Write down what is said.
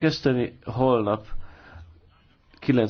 kezdeni holnap 9